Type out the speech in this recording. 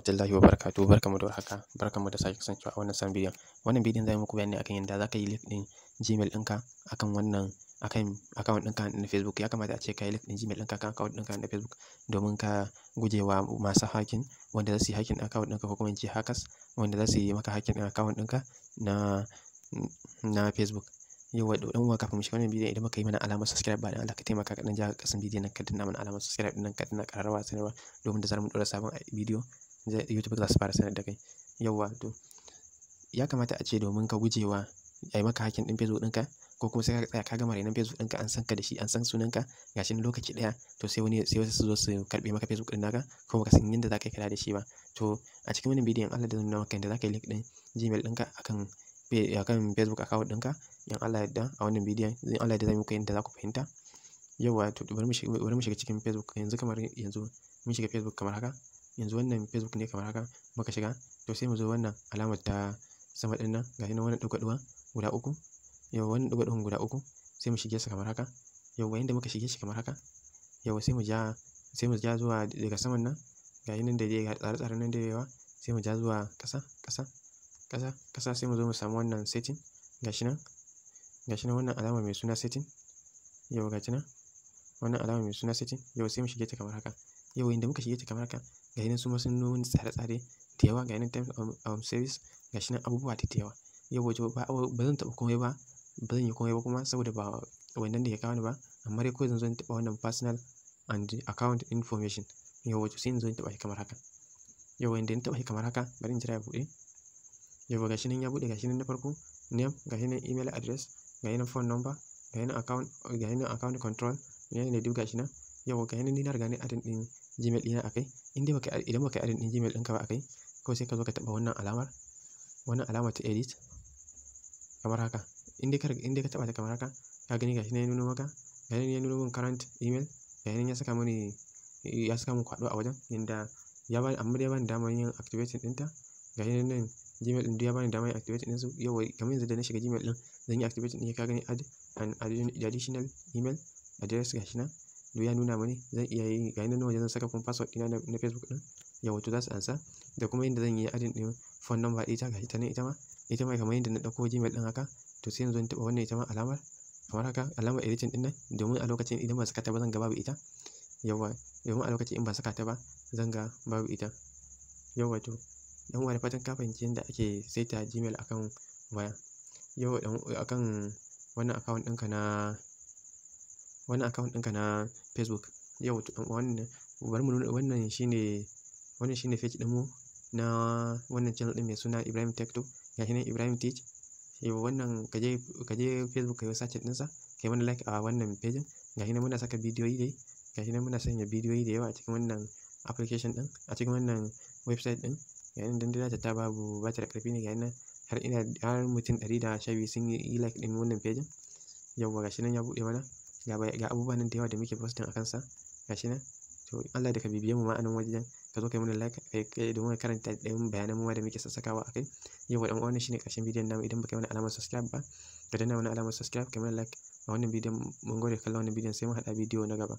rahmatullahi wa barakatuhu barkamu da warhaka barkamu da sake kasancewa a wannan sabon bidiyon wannan bidiyon zai muku bayani akan yadda zaka yi link din Gmail ɗinka akan wannan akan account ɗinka na Facebook ya kamata a ce ka yi link din Gmail ɗinka akan account ɗinka na Facebook domin ka gujewa masu hacking wanda zasu yi hacking ɗin account ɗinka ko kuma in hackers wanda zasu yi maka hacking ɗin account ɗinka na na Facebook yawa da ɗan uwa kafin mu shiga wannan bidiyon idan muka yi mana alamar subscribe ba dan Allah ka taimaka ka dan ja ƙasan bidiyon nan ka danna mana alamar subscribe ɗin nan ka danna ƙararrawa sanarwa domin da zarar mun ɗora sabon bidiyo YouTube za su fara sanar da kai yauwa to ya kamata a ce domin ka gujewa a yi maka hakin ɗin Facebook ɗinka ko kuma sai ka tsaya ka gama renon Facebook ɗinka an san ka da shi an san sunanka ga shi lokaci ɗaya to sai wani sai wasu su zo su karɓe maka Facebook ɗin naka ko ka san yadda za ka yi kira da shi ba to a cikin wannan bidiyon Allah da nuna maka yadda za ka yi link ɗin Gmail ɗinka akan akan Facebook account ɗinka in Allah yadda a wannan bidiyon in Allah yadda zai muku yadda za ku fahimta yauwa to bari mu shiga cikin Facebook yanzu kamar yanzu mun shiga Facebook kamar haka yanzu wannan Facebook ne kamar haka muka shiga to sai mu zo wannan alamar ta sama ɗin nan ga nan wannan ɗuga guda uku yau wannan ɗuga guda uku sai mu shige su kamar haka yau yayin da muka shige shi kamar haka yau sai mu ja sai mu ja zuwa daga saman nan ga nan da dai ga tsare-tsaren nan da yawa sai mu ja zuwa ƙasa ƙasa ƙasa ƙasa sai mu zo mu samu wannan setting gashi nan gashi nan wannan alama mai suna setting yau gashi nan wannan alama mai suna setting yau sai mu shige ta kamar haka yau inda muka shige ta kamar haka ga nan su ma sun nuna tsare-tsare da yawa ga nan terms of um, service ga shi nan abubuwa da yawa yau wajen ba zan taɓa komai ba ba zan yi komai ba kuma saboda ba wannan da ya kawo ni ba amma dai kawai zan zo in taɓa wannan personal and account information yau wajen sai in zo in taɓa shi kamar haka yau inda in taɓa shi kamar haka bari in jira ya buɗe yau ga shi nan ya buɗe ga shi nan na farko name ga shi nan email address ga shi nan phone number ga shi nan account ga shi nan account control ga shi nan duk ga shi nan Yauwa ga yanan ni na riga nayi adin ɗin Gmail ɗina akai In dai baka idan baka adin ɗin Gmail ɗinka ba akai kai, kawai sai ka zo ka taɓa wannan alamar, wannan alamar ta edit kamar haka. In dai ka riga in dai ka taɓa ta kamar haka, ka gani gashi nan ya nuno maka, ga yanan ya nuno min current email, ga yanan ya saka mun ya saka min kwaɗo a wajen inda ya bani amma dai ya bani damar yin activating ɗinta. Ga yanan nan Gmail ɗin duk ya bani damar yin activating ɗinsu. Yauwa kamar yanzu da na shiga Gmail ɗin, zan yi activating ɗin ka gani add an additional email address gashi nan. duk ya nuna mani zan iya yin ga nan wajen sarrafin password ɗina na Facebook ɗin yawa to za su ansa da kuma inda zan yi adin ɗin phone number ɗita ga ita nan ita ma ita ma kamar yadda na ɗauko Gmail ɗin haka to sai yanzu in taɓa wannan ita ma alamar kamar haka alamar editing ɗin nan domin a lokacin idan ba saka ta ba zan ga babu ita yawa domin a lokacin in ba saka ta ba zan ga babu ita yawa to dan wani fatan ka fahimci yadda ake saita Gmail akan waya yau akan wannan account ɗinka na wannan account ɗinka na Facebook. Yau wannan, mu wannan shine, wannan shine page ɗinmu na wannan channel ɗin mai suna Ibrahim Tech Talk. shi nan Ibrahim Teach. Yau wannan ka je, Facebook ka yi search ɗinsa, ka yi mana like a wannan page. shi nan muna saka bidiyoyi dai. shi nan muna sanya bidiyoyi da yawa a cikin wannan application ɗin, a cikin wannan website ɗin. Gashi nan dan dai data ta babu, ta da ƙarfi ne shi nan. Har ina, har mutum ɗari da sha biyu sun yi like ɗin wannan page. Yauwa shi nan ya buɗe mana. ga abubuwan nan da yawa da muke posting a kansa gashi nan to Allah da ka bibiye mu ma a nan wajen ka zo kai mana like kai domin karanta ɗayan bayanan mu da muke sassakawa akai yau dan wannan shine karshen bidiyon namu idan baka yi mana alamar subscribe ba ka danna wani alamar subscribe kai mana like a wannan bidiyon mun gode kallon wannan bidiyon sai mun haɗa bidiyo na gaba